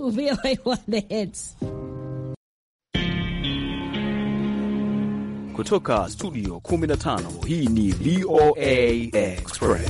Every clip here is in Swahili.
VOA One Hits. Kutoka studio 15 hii ni VOA Express.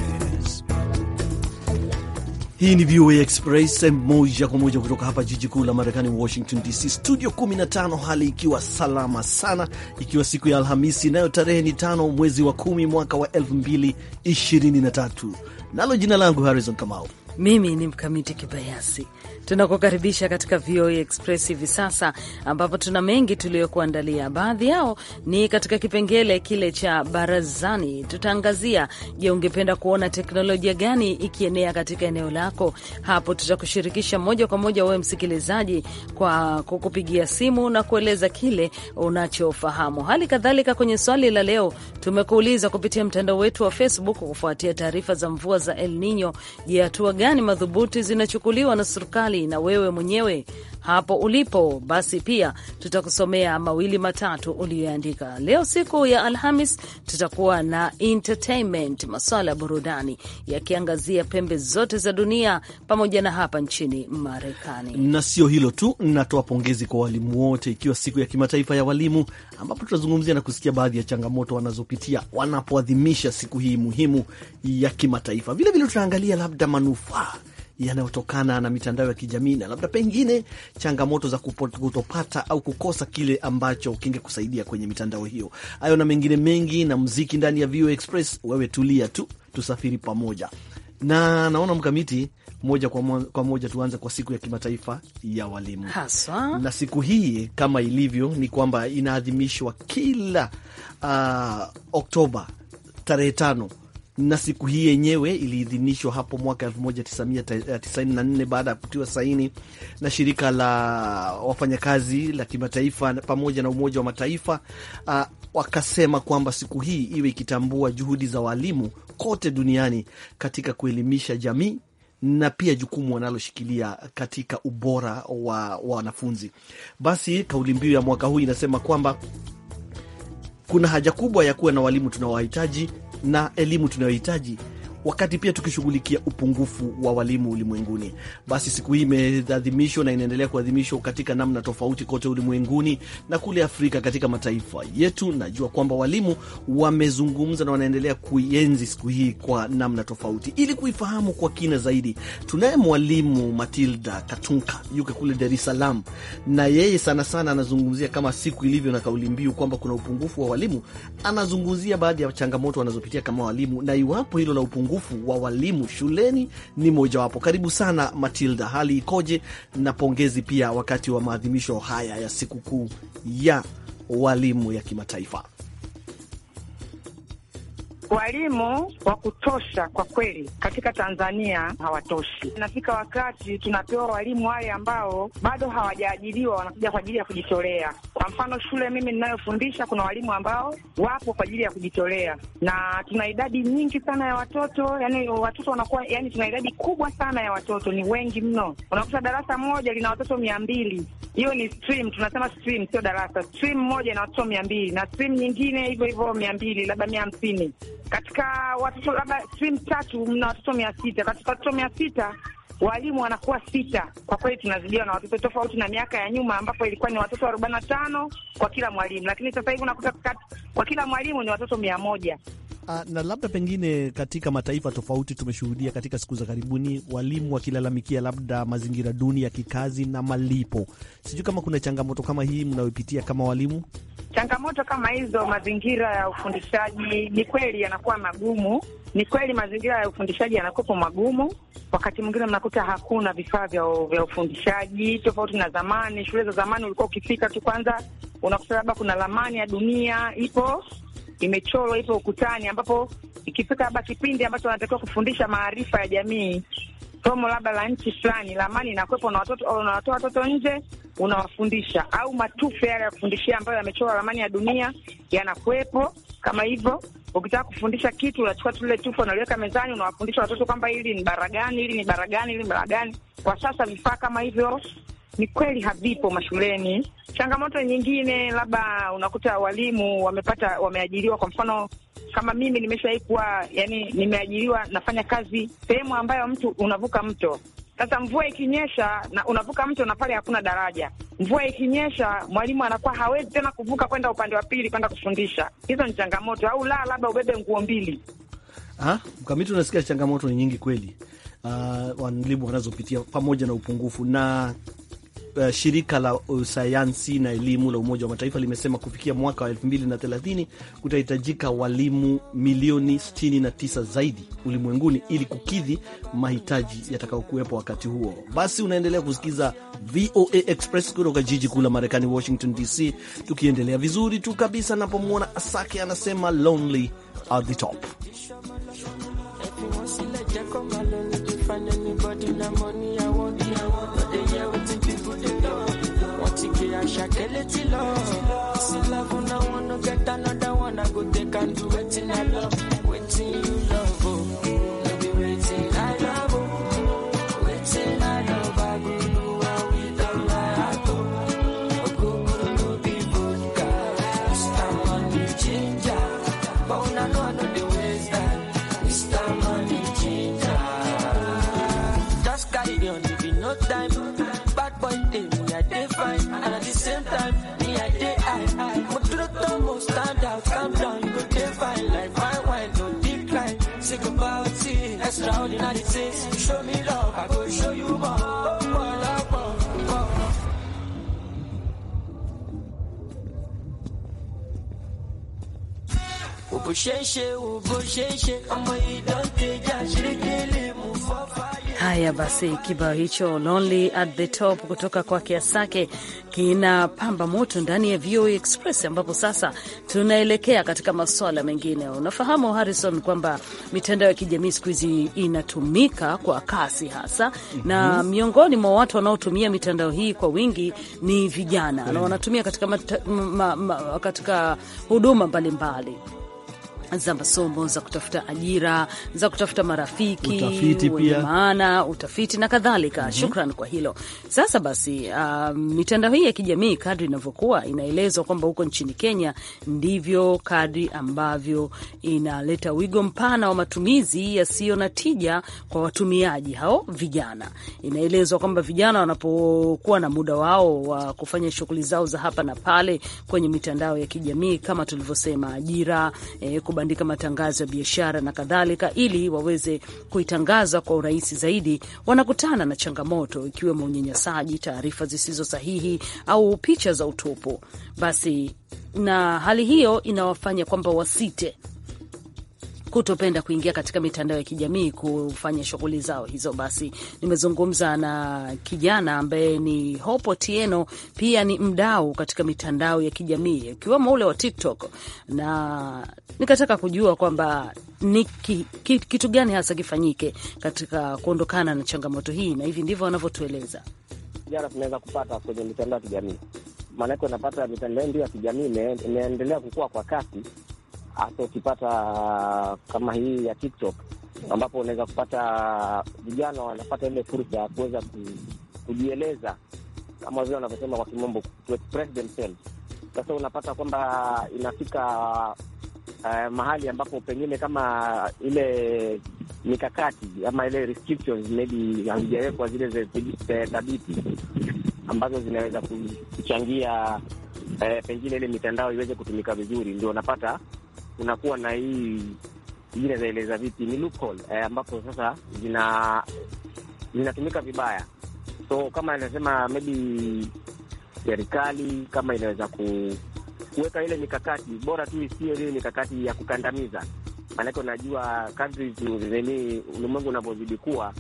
Hii ni VOA Express eh, moja kwa moja kutoka hapa jiji kuu la Marekani, Washington DC, studio 15, hali ikiwa salama sana, ikiwa siku ya Alhamisi nayo tarehe ni tano mwezi wa kumi mwaka wa 2023. Nalo jina langu Harrison Kamau mimi ni Mkamiti Kibayasi. Tunakukaribisha katika VOA e Express hivi sasa, ambapo tuna mengi tuliyokuandalia. Baadhi yao ni katika kipengele kile cha barazani, tutaangazia je, ungependa kuona teknolojia gani ikienea katika eneo lako? Hapo tutakushirikisha moja kwa moja wewe msikilizaji, kwa kukupigia simu na kueleza kile unachofahamu. Hali kadhalika, kwenye swali la leo tumekuuliza kupitia mtandao wetu wa Facebook kufuatia taarifa za mvua za El Nino, je, hatua gani gani madhubuti zinachukuliwa na serikali na wewe mwenyewe hapo ulipo, basi pia tutakusomea mawili matatu uliyoandika leo. Siku ya Alhamis tutakuwa na entertainment, maswala ya burudani yakiangazia pembe zote za dunia pamoja na hapa nchini Marekani. Na sio hilo tu, natoa pongezi kwa walimu wote, ikiwa siku ya kimataifa ya walimu, ambapo tutazungumzia na kusikia baadhi ya changamoto wanazopitia wanapoadhimisha siku hii muhimu ya kimataifa. Vilevile tutaangalia labda manufaa makubwa yanayotokana na mitandao ya kijamii na labda pengine changamoto za kutopata au kukosa kile ambacho kingekusaidia kwenye mitandao hiyo. Hayo na mengine mengi na mziki ndani ya VOA Express. Wewe tulia tu, tusafiri pamoja na naona mkamiti moja kwa moja tuanze kwa siku ya kimataifa ya walimu haswa. Na siku hii kama ilivyo ni kwamba inaadhimishwa kila uh, Oktoba tarehe tano na siku hii yenyewe iliidhinishwa hapo mwaka 1994 baada ya kutiwa saini na shirika la wafanyakazi la kimataifa pamoja na Umoja wa Mataifa. Uh, wakasema kwamba siku hii iwe ikitambua juhudi za walimu kote duniani katika kuelimisha jamii na pia jukumu wanaloshikilia katika ubora wa wanafunzi. Basi kauli mbiu ya mwaka huu inasema kwamba kuna haja kubwa ya kuwa na walimu tunawahitaji na elimu tunayohitaji wakati pia tukishughulikia upungufu wa walimu ulimwenguni. Basi siku hii imeadhimishwa na inaendelea kuadhimishwa katika namna tofauti kote ulimwenguni na kule Afrika, katika mataifa yetu. Najua kwamba walimu wamezungumza na wanaendelea kuienzi siku hii kwa namna tofauti. Ili kuifahamu kwa kina zaidi, tunaye mwalimu Matilda Katunka, yuko kule Dar es Salaam, na yeye sana sana anazungumzia kama siku ilivyo na kauli mbiu kwamba kuna upungufu wa walimu. Anazungumzia baadhi ya changamoto wanazopitia kama walimu na iwapo hilo la upungufu upungufu wa walimu shuleni ni mojawapo. Karibu sana Matilda, hali ikoje? Na pongezi pia wakati wa maadhimisho haya ya sikukuu ya walimu ya kimataifa. Walimu wa kutosha kwa kweli katika Tanzania hawatoshi. Nafika wakati tunapewa walimu wale ambao bado hawajaajiriwa, wanakuja kwa ajili ya kujitolea. Kwa mfano, shule mimi ninayofundisha kuna walimu ambao wapo kwa ajili ya kujitolea, na tuna idadi nyingi sana ya watoto, yani watoto wanakuwa, yani tuna idadi kubwa sana ya watoto, ni wengi mno. Unakuta darasa moja lina watoto mia mbili. Hiyo ni stream, tunasema stream, sio darasa. Stream moja ina watoto mia mbili na stream nyingine hivyo hivyo mia mbili labda mia hamsini katika watoto labda stream tatu mna watoto mia sita katika watoto mia sita walimu wanakuwa sita. Kwa kweli tunazidiwa na watoto, tofauti na miaka ya nyuma ambapo ilikuwa ni watoto arobaini na tano kwa kila mwalimu, lakini sasa hivi unakuta kwa kila mwalimu ni watoto mia moja. Ah, na labda pengine katika mataifa tofauti tumeshuhudia katika siku za karibuni walimu wakilalamikia labda mazingira duni ya kikazi na malipo. Sijui kama kuna changamoto kama hii mnayopitia kama walimu. Changamoto kama hizo, mazingira ya ufundishaji ni kweli yanakuwa magumu. Ni kweli mazingira ya ufundishaji yanakuwa magumu. Wakati mwingine mnakuta hakuna vifaa vya vya ufundishaji, tofauti na zamani. Shule za zamani ulikuwa ukifika tu, kwanza unakuta labda kuna ramani ya dunia ipo imechorwa hivyo ukutani, ambapo ikifika labda kipindi ambacho wanatakiwa kufundisha maarifa ya jamii, somo labda la nchi fulani la amani, inakuwepo na watoto, unawatoa watoto nje unawafundisha, au matufe yale ya kufundishia ambayo yamechorwa ramani ya dunia yanakuwepo kama hivyo. Ukitaka kufundisha kitu unachukua tu lile unaliweka mezani, unawafundisha watoto kwamba hili ni bara gani, hili ni bara gani, hili ni bara gani. Kwa sasa vifaa kama hivyo ni kweli havipo mashuleni. Changamoto nyingine, labda unakuta walimu wamepata, wameajiriwa. Kwa mfano kama mimi nimeshawahi kuwa, yani nimeajiriwa nafanya kazi sehemu ambayo mtu unavuka mto sasa mvua ikinyesha na unavuka mto na pale hakuna daraja, mvua ikinyesha, mwalimu anakuwa hawezi tena kuvuka kwenda upande wa pili kwenda kufundisha. Hizo ni changamoto, au la, labda ubebe nguo mbili. Ah, mkamiti, unasikia changamoto ni nyingi kweli, uh, walimu wanazopitia pamoja na upungufu. Na uh, shirika la uh, sayansi na elimu la Umoja wa Mataifa limesema kufikia mwaka wa 2030 kutahitajika walimu milioni 69 zaidi ulimwenguni ili kukidhi mahitaji yatakayokuwepo wakati huo. Basi unaendelea kusikiza VOA Express kutoka jiji kuu la Marekani, Washington DC, tukiendelea vizuri tu kabisa napomwona Asake anasema lonely at the top Shakele till love. This love, and I wanna get another one. I go take and do. Haya basi, kibao hicho Lonely at the Top kutoka kwa Kiasake kinapamba moto ndani ya VOA e Express, ambapo sasa tunaelekea katika masuala mengine. Unafahamu Harrison, kwamba mitandao ya kijamii siku hizi inatumika kwa kasi hasa mm -hmm. na mhm. miongoni mwa watu wanaotumia mitandao hii kwa wingi ni vijana mm -hmm. na wanatumia katika, ma, ma, katika huduma mbalimbali mbali za masomo, za kutafuta ajira, za kutafuta marafiki, utafiti maana utafiti na kadhalika. mm -hmm. Shukran kwa hilo. Sasa basi, uh, mitandao hii ya kijamii kadri inavyokuwa inaelezwa kwamba huko nchini Kenya ndivyo kadri ambavyo inaleta wigo mpana wa matumizi yasiyo na tija kwa watumiaji hao vijana. Inaelezwa kwamba vijana wanapokuwa na muda wao wa kufanya shughuli zao za hapa na pale kwenye mitandao ya kijamii kama tulivyosema, ajira eh, kubandika matangazo ya biashara na kadhalika, ili waweze kuitangaza kwa urahisi zaidi, wanakutana na changamoto ikiwemo unyanyasaji, taarifa zisizo sahihi au picha za utupu. Basi na hali hiyo inawafanya kwamba wasite kutopenda kuingia katika mitandao ya kijamii kufanya shughuli zao hizo. Basi nimezungumza na kijana ambaye ni Hopo Tieno, pia ni mdau katika mitandao ya kijamii ikiwemo ule wa TikTok, na nikataka kujua kwamba ni ki, ki, kitu gani hasa kifanyike katika kuondokana na changamoto hii, na hivi ndivyo wanavyotueleza. Vijana tunaweza kupata kwenye mitandao ya kijamii maanake, unapata mitandao ndio ya kijamii imeendelea kukua kwa kasi hasa ukipata kama hii ya TikTok ambapo unaweza kupata vijana wanapata ile fursa ya kuweza kujieleza kama vile wanavyosema kwa kimombo to express themselves. Sasa unapata kwamba inafika uh, mahali ambapo pengine kama ile mikakati ama ile restrictions maybe hazijawekwa zile thabiti ambazo zinaweza kuchangia uh, pengine ile mitandao iweze kutumika vizuri, ndio unapata kunakuwa na hii ingine naeleza vipi, ni loophole eh, ambapo sasa zina zinatumika vibaya. So kama anasema maybe serikali kama inaweza ku, kuweka ile mikakati bora tu isiyo ile mikakati ya kukandamiza, maanake unajua kadri ulimwengu unavyozidi kuwa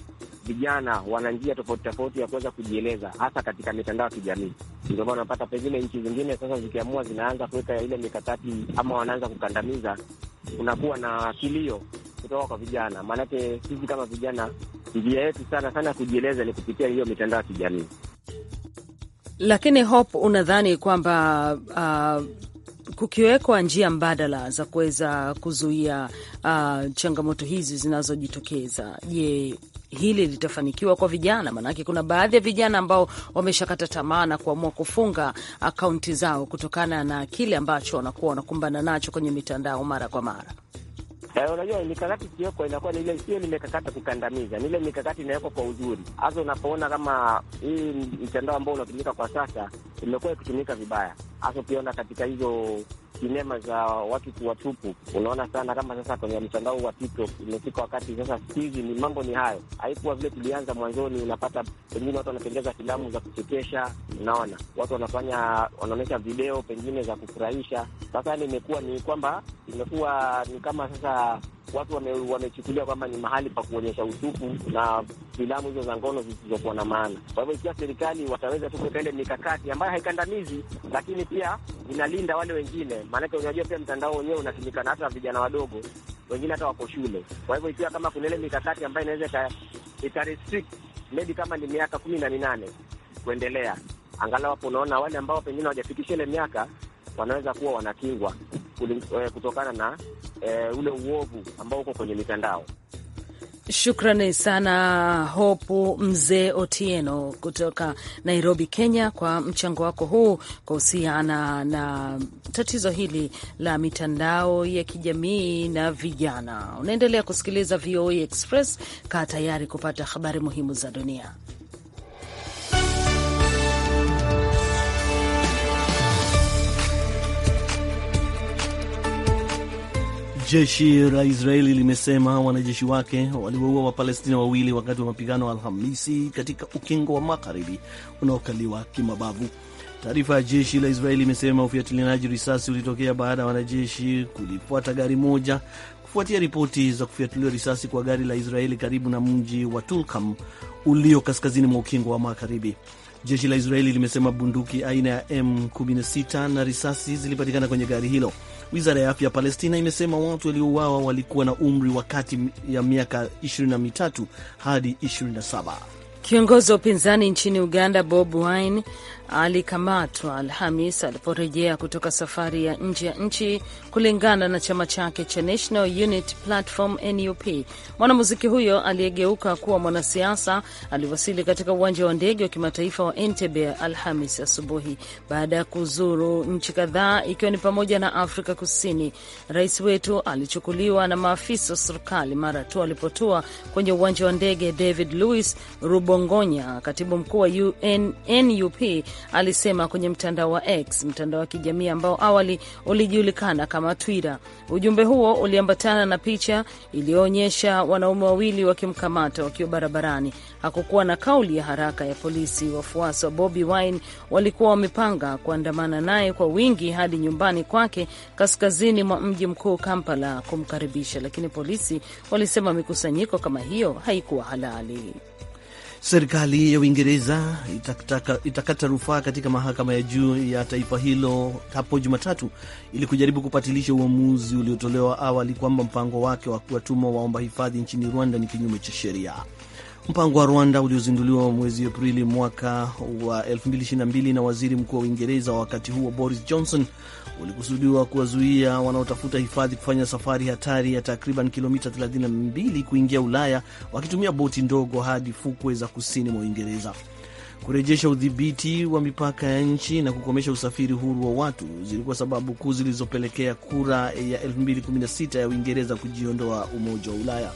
vijana wana njia tofauti tofauti ya kuweza kujieleza, hasa katika mitandao ya kijamii. Ndio maana unapata pengine nchi zingine sasa zikiamua zinaanza kuweka ile mikakati ama wanaanza kukandamiza, kunakuwa na kilio kutoka kwa vijana. Maanake sisi kama vijana, njia yetu sana sana kujieleza ni kupitia hiyo mitandao ya kijamii. Lakini Hope, unadhani kwamba uh kukiwekwa njia mbadala za kuweza kuzuia uh, changamoto hizi zinazojitokeza, je, hili litafanikiwa kwa vijana? Maanake kuna baadhi ya vijana ambao wameshakata tamaa na kuamua kufunga akaunti zao kutokana na kile ambacho wanakuwa wanakumbana nacho kwenye mitandao mara kwa mara. Eh, unajua, mikakati ikiwekwa inakuwa ni ile, sio ni mikakati kukandamiza, ni ile mikakati inawekwa kwa uzuri. Hasa unapoona kama hii mtandao ambao unatumika kwa sasa imekuwa ikitumika vibaya, hasa ukiona katika hizo sinema za watu kuwatupu. Unaona sana kama sasa kwenye mtandao wa TikTok imefika wakati sasa, siku hizi ni mambo ni hayo, haikuwa vile tulianza mwanzoni. Unapata pengine watu wanatengeza filamu za kuchekesha, unaona watu wanafanya wanaonyesha video pengine za kufurahisha. Sasa imekuwa ni kwamba imekuwa ni kama sasa watu wamechukulia wame kwamba ni mahali pa kuonyesha utupu na filamu hizo za ngono zisizokuwa na maana. Kwa hivyo ikiwa serikali wataweza tu kuweka ile mikakati ambayo haikandamizi, lakini pia inalinda wale wengine, maanake unajua pia mtandao wenyewe unatumika na hata vijana wadogo wengine hata wako shule. Kwa hivyo ikiwa kama kuna ile mikakati ambayo inaweza ikarestrict maybe kama ni miaka kumi na minane kuendelea, angalau hapo unaona wale ambao pengine hawajafikisha ile miaka wanaweza kuwa wanakingwa eh, kutokana na eh, ule uovu ambao uko kwenye mitandao. Shukrani sana Hopu Mzee Otieno kutoka Nairobi, Kenya, kwa mchango wako huu kuhusiana na tatizo hili la mitandao ya kijamii na vijana. Unaendelea kusikiliza VOA e Express. Kaa tayari kupata habari muhimu za dunia. Jeshi la Israeli limesema wanajeshi wake waliwaua Wapalestina wawili wakati wa mapigano Alhamisi katika ukingo wa magharibi unaokaliwa kimabavu. Taarifa ya jeshi la Israeli imesema ufiatilianaji risasi ulitokea baada ya wanajeshi kulifuata gari moja kufuatia ripoti za kufiatuliwa risasi kwa gari la Israeli karibu na mji wa Tulkam ulio kaskazini mwa ukingo wa magharibi. Jeshi la Israeli limesema bunduki aina ya M16 na risasi zilipatikana kwenye gari hilo. Wizara ya afya ya Palestina imesema watu waliouawa walikuwa na umri wa kati ya miaka 23 hadi 27. Kiongozi wa upinzani nchini Uganda Bob Wine alikamatwa Alhamis aliporejea kutoka safari ya nje ya nchi, kulingana na chama chake cha National Unity Platform NUP. Mwanamuziki huyo aliyegeuka kuwa mwanasiasa aliwasili katika uwanja wa ndege wa kimataifa wa Entebbe Alhamis asubuhi baada ya kuzuru nchi kadhaa, ikiwa ni pamoja na Afrika Kusini. Rais wetu alichukuliwa na maafisa wa serikali mara tu alipotua kwenye uwanja wa ndege. David Louis Rubongonya, katibu mkuu wa UN NUP alisema kwenye mtandao wa X, mtandao wa kijamii ambao awali ulijulikana kama Twitter. Ujumbe huo uliambatana na picha iliyoonyesha wanaume wawili wakimkamata wakiwa barabarani. Hakukuwa na kauli ya haraka ya polisi. Wafuasi wa Bobi Wine walikuwa wamepanga kuandamana naye kwa wingi hadi nyumbani kwake kaskazini mwa mji mkuu Kampala kumkaribisha, lakini polisi walisema mikusanyiko kama hiyo haikuwa halali. Serikali ya Uingereza itakata rufaa katika mahakama ya juu ya taifa hilo hapo Jumatatu ili kujaribu kupatilisha uamuzi uliotolewa awali kwamba mpango wake wa kuwatuma waomba hifadhi nchini Rwanda ni kinyume cha sheria. Mpango wa Rwanda uliozinduliwa mwezi Aprili mwaka wa 2022 na waziri mkuu wa Uingereza wa wakati huo Boris Johnson ulikusudiwa kuwazuia wanaotafuta hifadhi kufanya safari hatari ya takriban kilomita 32 kuingia Ulaya wakitumia boti ndogo hadi fukwe za kusini mwa Uingereza. Kurejesha udhibiti wa mipaka ya nchi na kukomesha usafiri huru wa watu zilikuwa sababu kuu zilizopelekea kura ya 2016 ya Uingereza kujiondoa Umoja wa Ulaya.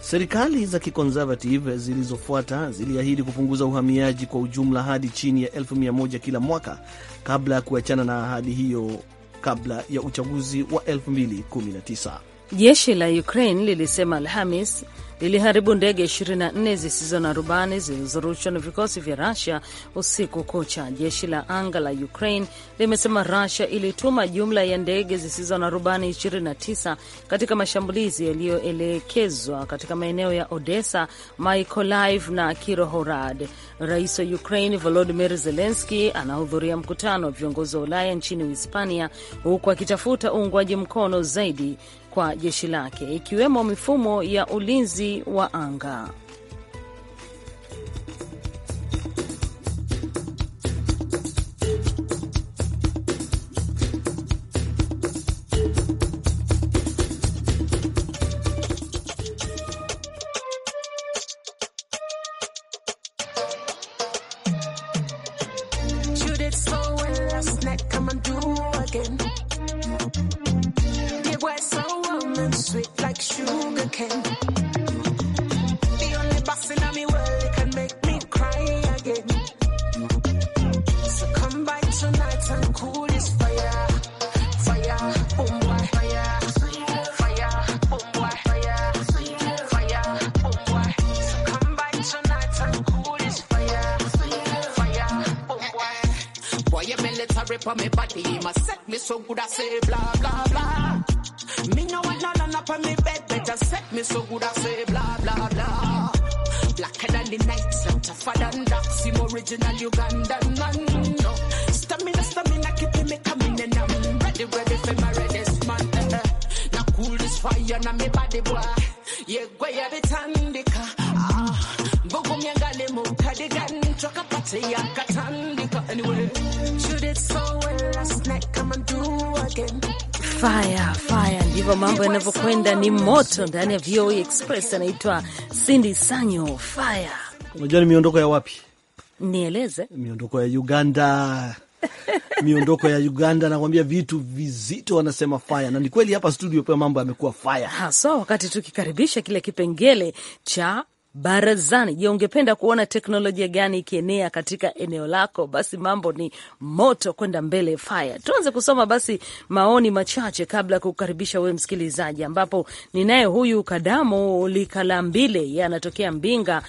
Serikali za kiconservative zilizofuata ziliahidi kupunguza uhamiaji kwa ujumla hadi chini ya elfu mia moja kila mwaka kabla ya kuachana na ahadi hiyo kabla ya uchaguzi wa 2019. Jeshi la Ukraine lilisema Alhamis liliharibu ndege 24 zisizo na rubani zilizorushwa na vikosi vya Rusia usiku kucha. Jeshi la anga la Ukraine limesema Rusia ilituma jumla ya ndege zisizo na rubani 29 katika mashambulizi yaliyoelekezwa katika maeneo ya Odessa, Mykolaiv na Kirohorad. Rais wa Ukraine Volodimir Zelenski anahudhuria mkutano wa viongozi wa Ulaya nchini Uhispania, huku akitafuta uungwaji mkono zaidi kwa jeshi lake, ikiwemo mifumo ya ulinzi usafiri wa anga. for me body. he must set me so good I say blah blah blah. Me no want none on up on me bed, better set me so good I say blah blah blah. Blacker than the night, so tougher than that. See original Ugandan man. No. Stamina, stamina, keeping me coming and I'm ready, ready for my reddest man. Uh-uh. Now cool this fire, now me body boy. Yeah, go ya bitandika. Ah, bugu myangali truck choka party ya Fire, fire, ndivyo mambo yanavyokwenda, ni moto ndani ya VOA e Express. Anaitwa Cindy Sanyo. Fire, unajua ni miondoko ya wapi? Nieleze. Miondoko ya Uganda miondoko ya Uganda, nakwambia vitu vizito, wanasema faya, na ni kweli hapa studio pia mambo yamekuwa faya, so wakati tukikaribisha kile kipengele cha barazani. Je, ungependa kuona teknolojia gani ikienea katika eneo lako? Basi mambo ni moto kwenda mbele. Faya, tuanze kusoma basi maoni machache kabla ya kukaribisha wewe msikilizaji, ambapo ninaye huyu Kadamu Likalambile, yeye anatokea Mbinga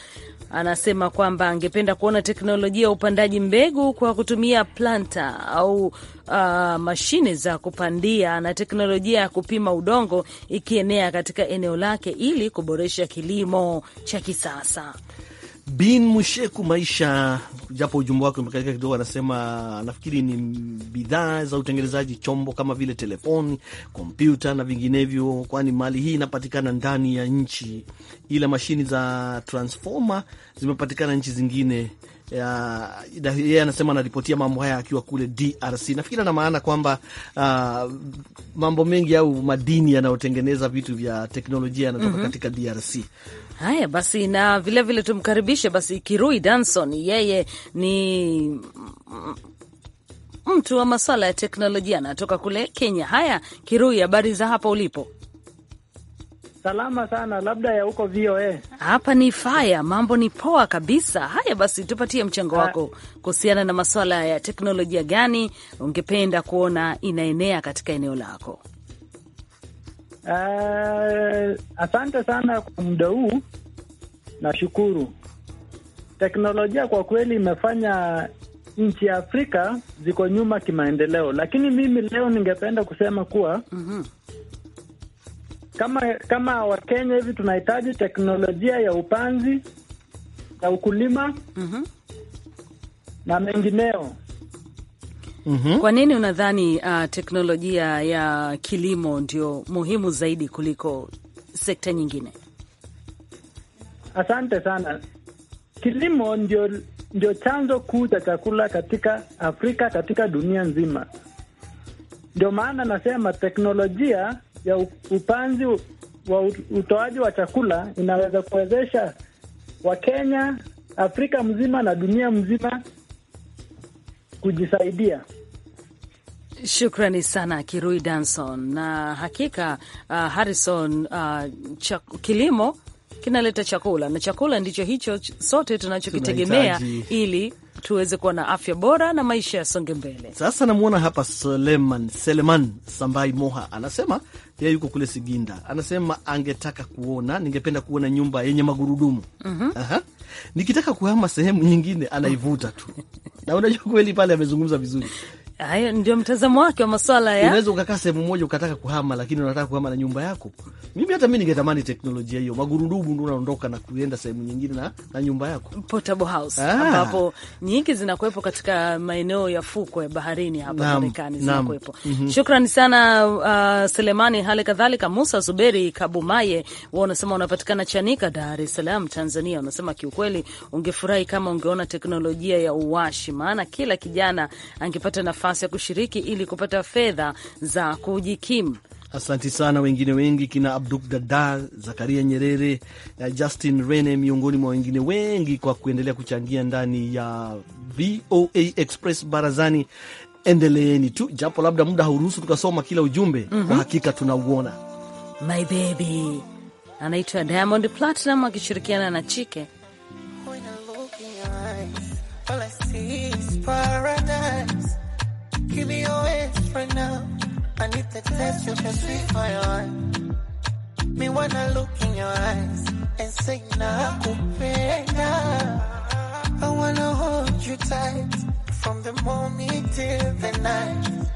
anasema kwamba angependa kuona teknolojia ya upandaji mbegu kwa kutumia planta au uh, mashine za kupandia na teknolojia ya kupima udongo ikienea katika eneo lake ili kuboresha kilimo cha kisasa. Bin Musheku maisha, japo ujumbe wake umekatika kidogo, anasema nafikiri ni bidhaa za utengenezaji chombo kama vile telefoni, kompyuta na vinginevyo, kwani mali hii inapatikana ndani ya nchi, ila mashini za transformer zimepatikana nchi zingine yeye anasema anaripotia mambo haya akiwa kule DRC. Nafikiri ana maana kwamba uh, mambo mengi au madini yanayotengeneza vitu vya teknolojia yanatoka mm -hmm. katika DRC. Haya basi, na vilevile tumkaribishe basi Kirui Danson, yeye ni mtu wa maswala ya teknolojia anatoka kule Kenya. Haya Kirui, habari za hapa ulipo? Salama sana, labda ya huko VOA. Hapa ni faya, mambo ni poa kabisa. Haya basi, tupatie mchango wako kuhusiana na masuala ya teknolojia gani ungependa kuona inaenea katika eneo lako? Uh, asante sana kwa muda huu, nashukuru. Teknolojia kwa kweli imefanya nchi ya Afrika ziko nyuma kimaendeleo, lakini mimi leo ningependa kusema kuwa mm -hmm kama kama Wakenya hivi tunahitaji teknolojia ya upanzi na ukulima mm -hmm. na mengineo mm -hmm. Kwa nini unadhani uh, teknolojia ya kilimo ndio muhimu zaidi kuliko sekta nyingine? Asante sana. Kilimo ndio ndio chanzo kuu cha chakula katika Afrika, katika dunia nzima. Ndio maana nasema teknolojia ya upanzi wa utoaji wa chakula inaweza kuwezesha Wakenya, Afrika mzima na dunia mzima kujisaidia. Shukrani sana Kirui Danson na hakika uh, Harrison uh, kilimo kinaleta chakula, na chakula ndicho hicho sote tunachokitegemea ili tuweze kuwa na afya bora na maisha yasonge mbele. Sasa namwona hapa Seleman, Seleman Sambai Moha anasema yeye yuko kule Siginda, anasema angetaka kuona, ningependa kuona nyumba yenye magurudumu mm -hmm. Aha. Nikitaka kuhama sehemu nyingine anaivuta tu na unajua kweli pale amezungumza vizuri Hayo ndio mtazamo wake wa maswala ya. Unaweza ukakaa sehemu moja ukataka kuhama, lakini unataka kuhama na nyumba yako. Mimi hata mi ningetamani teknolojia hiyo, magurudumu ndo unaondoka na kuenda sehemu nyingine na, na nyumba yako, portable house, ah. ambapo nyingi zinakuwepo katika maeneo ya fukwe baharini hapa Marekani zinakuwepo. mm -hmm. Shukrani sana uh, Selemani, hali kadhalika Musa Zuberi Kabumaye, wa unasema unapatikana Chanika, Dar es Salaam, Tanzania. Unasema kiukweli ungefurahi kama ungeona teknolojia ya uwashi, maana kila kijana angepata nafasi nafasi ya kushiriki ili kupata fedha za kujikimu. Asanti sana. Wengine wengi kina Abduk Dada, Zakaria Nyerere, Justin Rene, miongoni mwa wengine wengi, kwa kuendelea kuchangia ndani ya VOA Express barazani. Endeleeni tu, japo labda muda hauruhusu tukasoma kila ujumbe. mm -hmm. Kwa mhm. hakika tunauona. My baby anaitwa Diamond Platinum akishirikiana na Chike. Give me away right now. I need the taste of your sweet wine. Me wanna look in your eyes and say nakupenda. I wanna hold you tight from the morning till the night.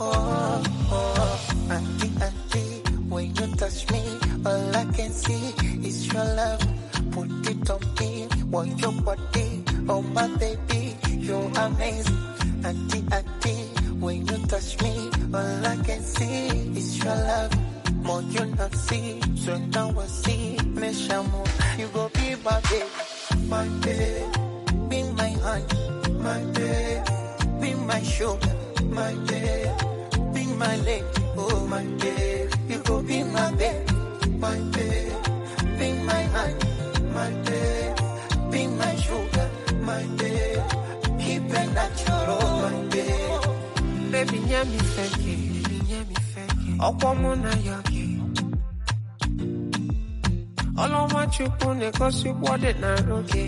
Oh, oh, auntie, auntie, when you touch me, all I can see is your love. Put it on me, want your body, oh my baby, you're amazing. Auntie, auntie. when you touch me. All I can see is your love. More you not see, so now I see. Meshamu, you go be my babe, my babe. Be my honey, my babe. Be my shoulder, my babe. Be my leg, oh my babe. You go be my babe, my babe. Be my honey, my babe. Be my sugar, my babe. Keep it natural, my babe. baby, nye m ife gị ọkwọ mụ na ya gị ọlọnwa chukwu na-egosikwa ọ dị n'arụ gị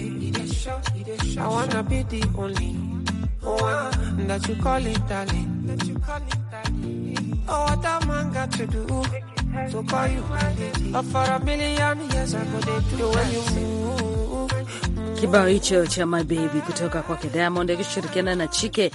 I wanna be the only one that you call it darling oh what a man got to do to call you but for a million years I go dey do when you move Kibao hicho cha my baby kutoka kwake Diamond akishirikiana na Chike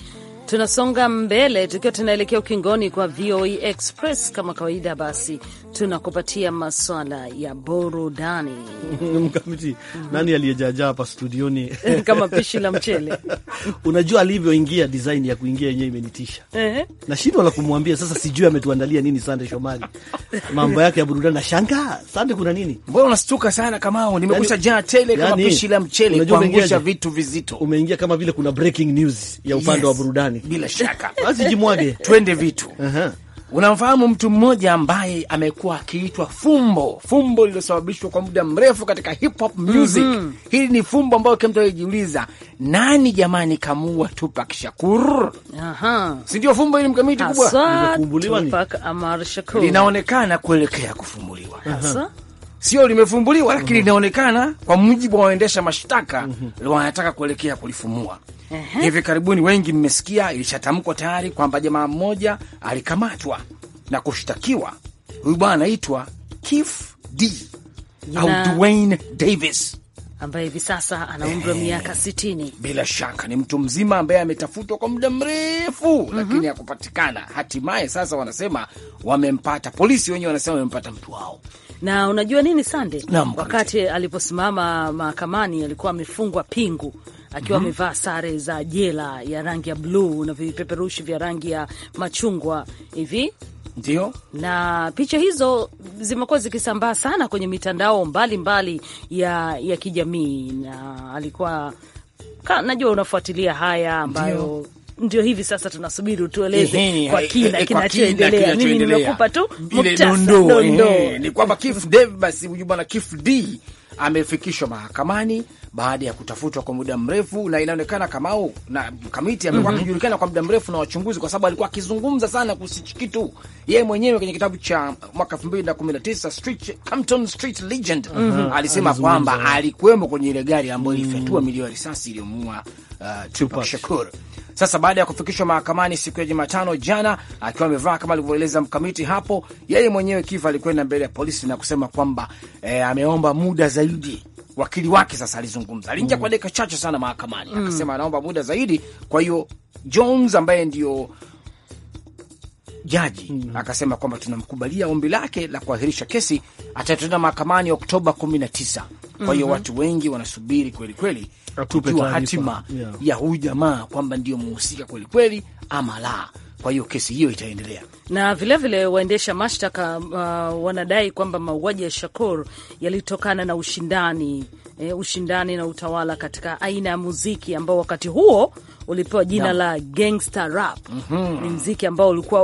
Tunasonga mbele tukiwa tunaelekea ukingoni kwa VOA e Express. Kama kawaida, basi tunakupatia maswala ya burudani mkamiti. Nani aliyejaja hapa studioni kama pishi la mchele? Unajua alivyoingia design ya kuingia yenyewe imenitisha, na nashindwa la kumwambia sasa. Sijui ametuandalia nini Sande Shomari, mambo yake ya burudani. Nashangaa Sande, kuna nini? Mbona unastuka sana Kamao? Nimekusha yani, jaa tele kama pishi la mchele, kuangusha vitu vizito. Umeingia kama vile kuna breaking news ya upande yes. wa burudani bila shaka basi jimwage, twende vitu uh -huh. Unamfahamu mtu mmoja ambaye amekuwa akiitwa fumbo, fumbo lililosababishwa kwa muda mrefu katika hip hop music mm -hmm. Hili ni fumbo ambayo kila mtu alijiuliza, nani jamani kamuua Tupac Shakur? Aha, si ndio fumbo hili mkamiti kubwa linaonekana kuelekea kufumbuliwa. Asa? sio limefumbuliwa, lakini mm-hmm. linaonekana mm -hmm. kwa mujibu wa waendesha mashtaka mm -hmm. wanataka kuelekea kulifumua hivi uh -huh. karibuni, wengi mmesikia, ilishatamkwa tayari kwamba jamaa mmoja alikamatwa na kushtakiwa. Huyu bwana anaitwa Kif D au Dwayne Davis ambaye hivi sasa ana umri wa miaka sitini. Bila shaka ni mtu mzima ambaye ametafutwa kwa muda mrefu mm -hmm. lakini hakupatikana. Hatimaye sasa wanasema wamempata, polisi wenyewe wanasema wamempata mtu wao. Na unajua nini Sande, wakati aliposimama mahakamani alikuwa amefungwa pingu akiwa mhm. amevaa mm -hmm. sare za jela ya rangi ya bluu na vipeperushi vya rangi ya machungwa hivi ndio. Na picha hizo zimekuwa zikisambaa sana kwenye mitandao mbalimbali mbali ya, ya kijamii na alikuwa ka, najua unafuatilia haya ambayo ndio hivi sasa tunasubiri utueleze eh, eh, eh, kwa kina kinachoendelea. Mimi nimekupa tu muktasari, ni kwamba Kif basi, huyu bwana Kif D amefikishwa mahakamani baada ya kutafutwa kwa muda mrefu, na inaonekana Kamau na Kamiti amekuwa mhm. akijulikana kwa muda mrefu na wachunguzi, kwa sababu alikuwa akizungumza sana kuhusu kitu yeye mwenyewe kwenye kitabu cha mwaka 2019 Street Compton Street Legend. mm -hmm. Alisema ah, kwamba alikuwemo kwenye ile gari ambayo mhm. ilifyatua milio ya risasi iliyomuua uh, Tupac Shakur. Sasa baada ya kufikishwa mahakamani siku ya Jumatano jana, akiwa amevaa kama alivyoeleza mkamiti hapo, yeye mwenyewe kifa alikwenda mbele ya polisi na kusema kwamba eh, ameomba muda zaidi wakili wake sasa alizungumza, aliingia mm. kwa dakika chache sana mahakamani mm. akasema anaomba muda zaidi. Kwa hiyo Jones ambaye ndio jaji mm. akasema kwamba tunamkubalia ombi lake la kuahirisha kesi, atatenda mahakamani Oktoba 19. Kwa hiyo mm -hmm. watu wengi wanasubiri kweli kweli kujua hatima yeah. ya huyu jamaa kwamba ndio muhusika kweli kweli ama la. Kwa hiyo kesi hiyo itaendelea na vilevile waendesha mashtaka uh, wanadai kwamba mauaji ya Shakur yalitokana na ushindani eh, ushindani na utawala katika aina ya muziki ambao wakati huo ulipewa jina la gangster rap. mm -hmm. Ni mziki ambao ulikuwa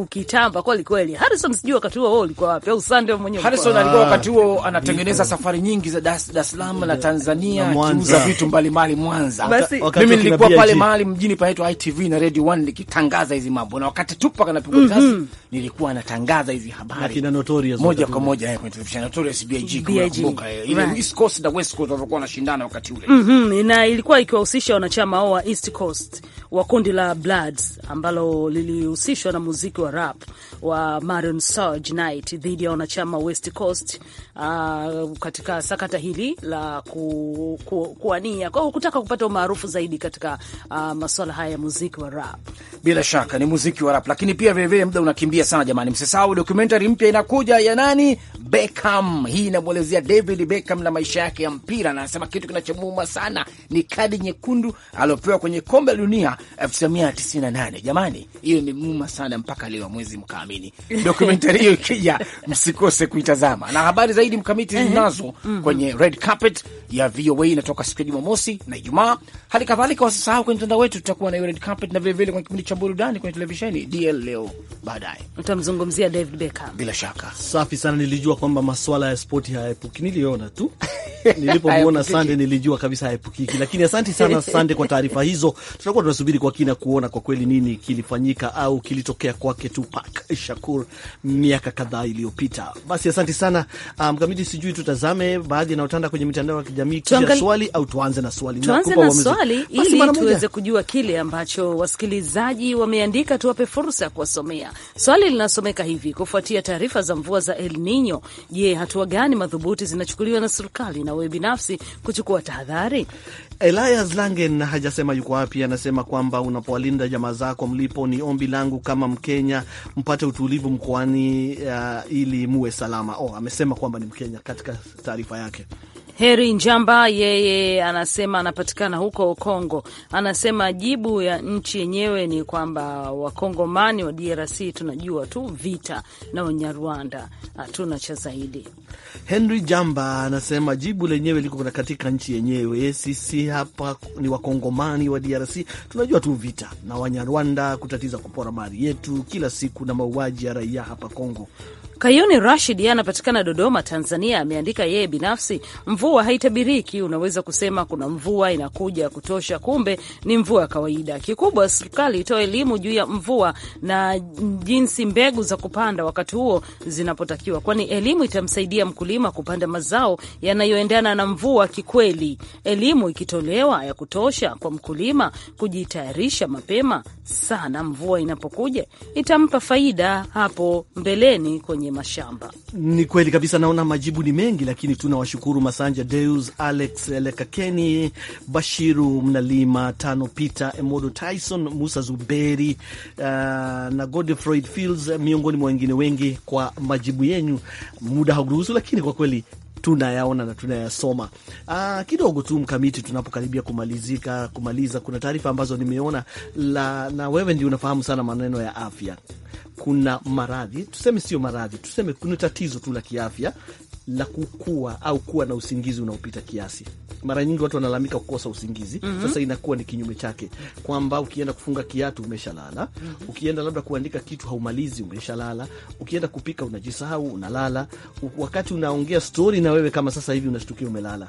ukitamba kweli kweli. Harrison, sijui wakati huo ulikuwa wapi au Sande mwenyewe? Harrison alikuwa wakati huo anatengeneza safari nyingi za Dar es Salaam na Tanzania, akiuza vitu mbalimbali Mwanza. Mimi nilikuwa pale mahali mjini panaitwa ITV na Radio 1 nikitangaza hizi mambo, na wakati Tupac anapigwa risasi mhm. mm -hmm. nilikuwa anatangaza hizi habari na Notorious moja kwa moja eh, kwenye televisheni Notorious BIG, kumbuka eh, ile East Coast na West Coast walikuwa wanashindana wakati ule, mhm. na ilikuwa ikiwahusisha wanachama wanachama wa East Coast wa kundi la Bloods ambalo lilihusishwa na muziki wa rap wa Maroon Sarge Night dhidi ya wanachama West Coast uh, katika sakata hili la ku, ku, kuania kwao kutaka kupata umaarufu zaidi katika uh, maswala haya ya muziki wa rap. Bila shaka ni muziki wa rap, lakini pia vilevile muda unakimbia sana jamani, msisahau dokumentari mpya inakuja ya nani? Beckham. Hii inamwelezea David Beckham na maisha yake ya mpira, na anasema kitu kinachomuuma sana ni kadi nyekundu aliopewa kwenye kombe la dunia 1998. Jamani, hiyo imemuuma sana mpaka leo, mwezi mkaamini. Dokumentari hiyo ikija, msikose kuitazama na habari za zaidi mkamiti zinazo uh mhm. -huh. kwenye red carpet ya VOA inatoka siku ya Jumamosi na Ijumaa. Hali kadhalika wasisahau kwenye mtandao wetu, tutakuwa na red carpet na vilevile kwenye kipindi cha burudani kwenye televisheni DL leo baadaye, utamzungumzia David Beckham bila shaka. Safi sana, nilijua kwamba maswala ya spoti hayaepuki, niliona tu nilipomwona Sande nilijua kabisa haepukiki, lakini asanti sana Sande kwa taarifa hizo. Tutakuwa tunasubiri kwa kina kuona kwa kweli nini kilifanyika au kilitokea kwake Tupac Shakur miaka kadhaa iliyopita. Basi asanti sana uh, Mkamiti, sijui tutazame baadhi yanayotanda kwenye mitandao ya kijamii Tuangali... swali au tuanze na swali, tuanze na swali ili tuweze kujua kile ambacho wasikilizaji wameandika, tuwape fursa ya kuwasomea. Swali linasomeka hivi: kufuatia taarifa za mvua za El Nino, je, hatua gani madhubuti zinachukuliwa na serikali na wewe binafsi kuchukua tahadhari? Elias Langen hajasema yuko wapi. Anasema kwamba unapowalinda jamaa zako mlipo, ni ombi langu kama Mkenya mpate utulivu mkoani, uh, ili muwe salama. Oh, amesema kwamba ni Mkenya katika taarifa yake. Heri Njamba yeye anasema anapatikana huko Kongo, anasema jibu ya nchi yenyewe ni kwamba wakongomani wa DRC tunajua tu vita na Wanyarwanda, hatuna cha zaidi. Henry Jamba anasema jibu lenyewe liko katika nchi yenyewe, sisi hapa ni wakongomani wa DRC tunajua tu vita na Wanyarwanda, kutatiza kupora mali yetu kila siku na mauaji ya raia hapa Kongo. Kayuni Rashid yeye anapatikana Dodoma, Tanzania. Ameandika yeye binafsi, mvua haitabiriki. Unaweza kusema kuna mvua inakuja ya kutosha, kumbe ni mvua ya kawaida. Kikubwa serikali itoa elimu juu ya mvua na jinsi mbegu za kupanda wakati huo zinapotakiwa, kwani elimu itamsaidia mkulima kupanda mazao yanayoendana na mvua. Kikweli elimu ikitolewa ya kutosha kwa mkulima kujitayarisha mapema sana mvua inapokuja, itampa faida hapo mbeleni kwenye mashamba. Ni kweli kabisa, naona majibu ni mengi, lakini tunawashukuru Masanja Deus, Alex Lekakeni, Bashiru Mnalima, Tano Peter Emodo, Tyson Musa Zuberi uh, na Godfroid Fields, miongoni mwa wengine wengi kwa majibu yenyu. Muda hauruhusu, lakini kwa kweli tunayaona na tunayasoma. Ah, kidogo tu mkamiti, tunapokaribia kumalizika kumaliza, kuna taarifa ambazo nimeona la, na wewe ndio unafahamu sana maneno ya afya kuna maradhi tuseme, sio maradhi tuseme, kuna tatizo tu la kiafya la kukua au kuwa na usingizi unaopita kiasi. Mara nyingi watu wanalalamika kukosa usingizi mm -hmm. Sasa inakuwa ni kinyume chake, kwamba ukienda kufunga kiatu umeshalala mm -hmm. Ukienda labda kuandika kitu haumalizi, umeshalala. Ukienda kupika unajisahau, unalala. Wakati unaongea stori na wewe kama sasa hivi unashtukia umelala.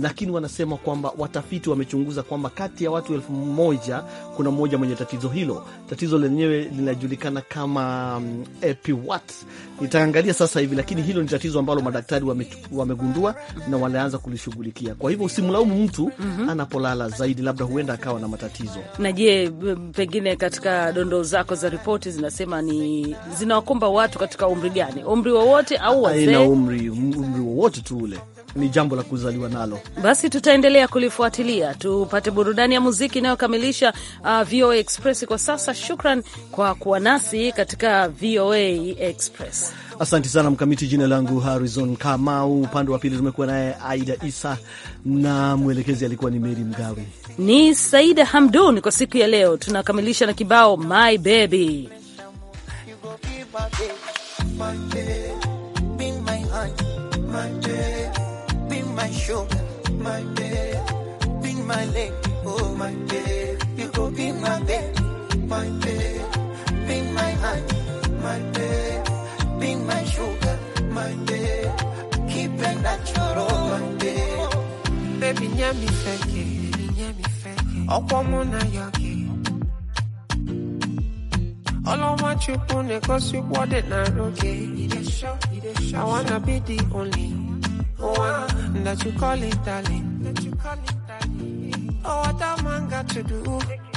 Lakini wanasema kwamba watafiti wamechunguza kwamba kati ya watu elfu moja kuna mmoja mwenye tatizo hilo. Tatizo lenyewe linajulikana kama kama epiwat mm, Nitaangalia sasa hivi, lakini hilo ni tatizo ambalo madaktari wamegundua wame na wanaanza kulishughulikia. Kwa hivyo usimlaumu mtu mm -hmm. anapolala zaidi, labda huenda akawa na matatizo. Na je, pengine katika dondoo zako za ripoti zinasema ni zinawakumba watu katika umri gani? Umri wowote au wazee? Haina umri, umri wowote tu ule ni jambo la kuzaliwa nalo. Basi tutaendelea kulifuatilia, tupate burudani ya muziki inayokamilisha uh, VOA Express kwa sasa. Shukran kwa kuwa nasi katika VOA Express. Asante sana Mkamiti. Jina langu Harizon Kamau, upande wa pili tumekuwa naye Aida Isa na mwelekezi alikuwa ni Meri Mgawe, ni Saida Hamdun. Kwa siku ya leo tunakamilisha na kibao my baby my my sugar, my babe. Be my lady, oh my babe. You go be my babe, my babe. Be my honey, my babe. Be my sugar, my babe. Keep it natural, oh, my babe. Baby, nyami feke, nyami feke. Okwamu na yoke. Ọlọ́wọ́ chukwu na-egosikwa ọdịnala okay. I wanna be the only one oh, that you call it darling. Oh, what a man got to do?